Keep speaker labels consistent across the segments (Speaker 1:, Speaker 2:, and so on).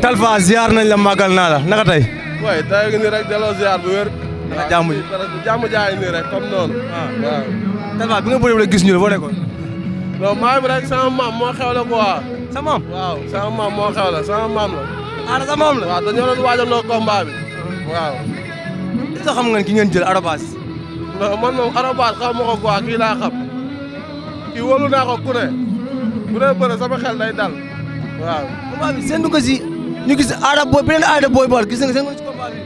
Speaker 1: Talfa ziar nañ la màggal naa la naka tey. waaye tey jii nii rek delloo ziar bu wér. jàmm ji jàmm jaay bi nga bëri rek gis ñu la boo nekkoon. non maam rek sama maam moo xew la quoi. sa maam maam moo xew la maam la. aara sa maam la waaw dañoo doon waajandoo combat bi waaw. ki ngeen jël arobas. non man moom arobas xaw ma ko quoi kii laa xam kii wóolu naa ko ku ne xel day dal waaw. combat bi seen dugg si ñu gis aada booy beneen aada booy bool gis nga ko ci combat bi.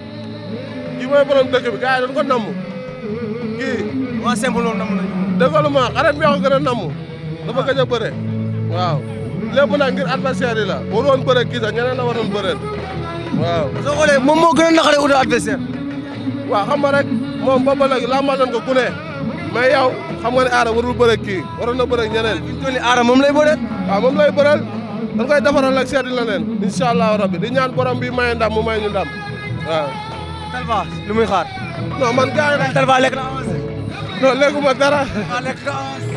Speaker 1: kii mooy borom dëkk bi gars yi dañu waa simple loolu namm ma xarit dafa gëj a bëre waaw lépp nag ngir adversaire yi la waroon bëre kii sax ñeneen la waroon bëre waaw. soo xoolee moom moo gën a naqaree wutal adversaire. waaw xam nga rek moom ba ba léegi làmbal nañ ko ku ne mais yow xam nga ne aara warul bëre kii waroon na bëre ñeneen. fi mu toll nii aara moom lay bëre. waaw moom lay bëreel dañ koy defaral ak seeti leen. incha allahu rabbi di ñaan borom bi maye ndam mu may ñu ndam waaw. Talfa lu xaar. non man gars yi nag Talfa lekk na avancé. non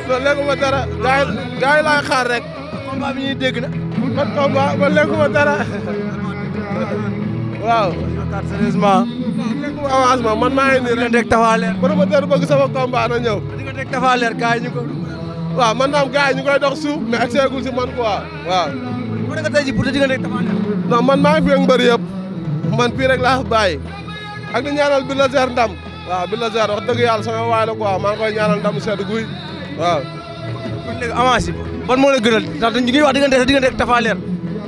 Speaker 1: man lekkuma dara gars yi laay xaar rek. combat bi ñuy dégg na. man combat man lekkuma dara waaw. sérieusement. lekkuma avancement man maa ngi nii rek. dégg Tapha Leer. promoteur na ñëw. di nga dégg Tapha Leer gars yi ñu ko. waaw man naam gars ñu koy dox suuf mais si man quoi waaw. bu nekk tey jii pour di nga dégg Tapha Leer. non man maa ngi fi ak mbër yëpp man fii rek laa bàyyi ak di ñaanal bi la zer ndam. waaw bi la zer wax dëgg yàlla sama waay la quoi koy ñaanal ndam sedd waaw kon léegi avance ban moo la gënal ndax dañ ngi wax diggante sa diggante ak Tapha Leer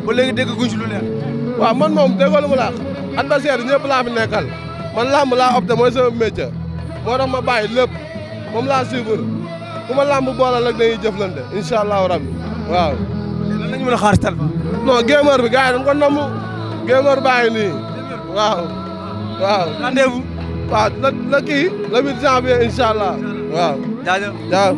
Speaker 1: ba léegi dégg guñ ci lu leer waaw man moom déggoo lu mu laax adversaire ñëpp laa fi nekkal man làmb laa opté mooy sama métier moo tax ma bàyyi lépp moom laa suivre ku ma la boolal ak dañuy jëflante incha allahu rabbi waaw lan lañu mën a xaar si Tapha bi gars yi dañ ko namm gémeur bàyyi nii waaw waaw rendez-vous waaw la kii le huit janvier incha allah waaw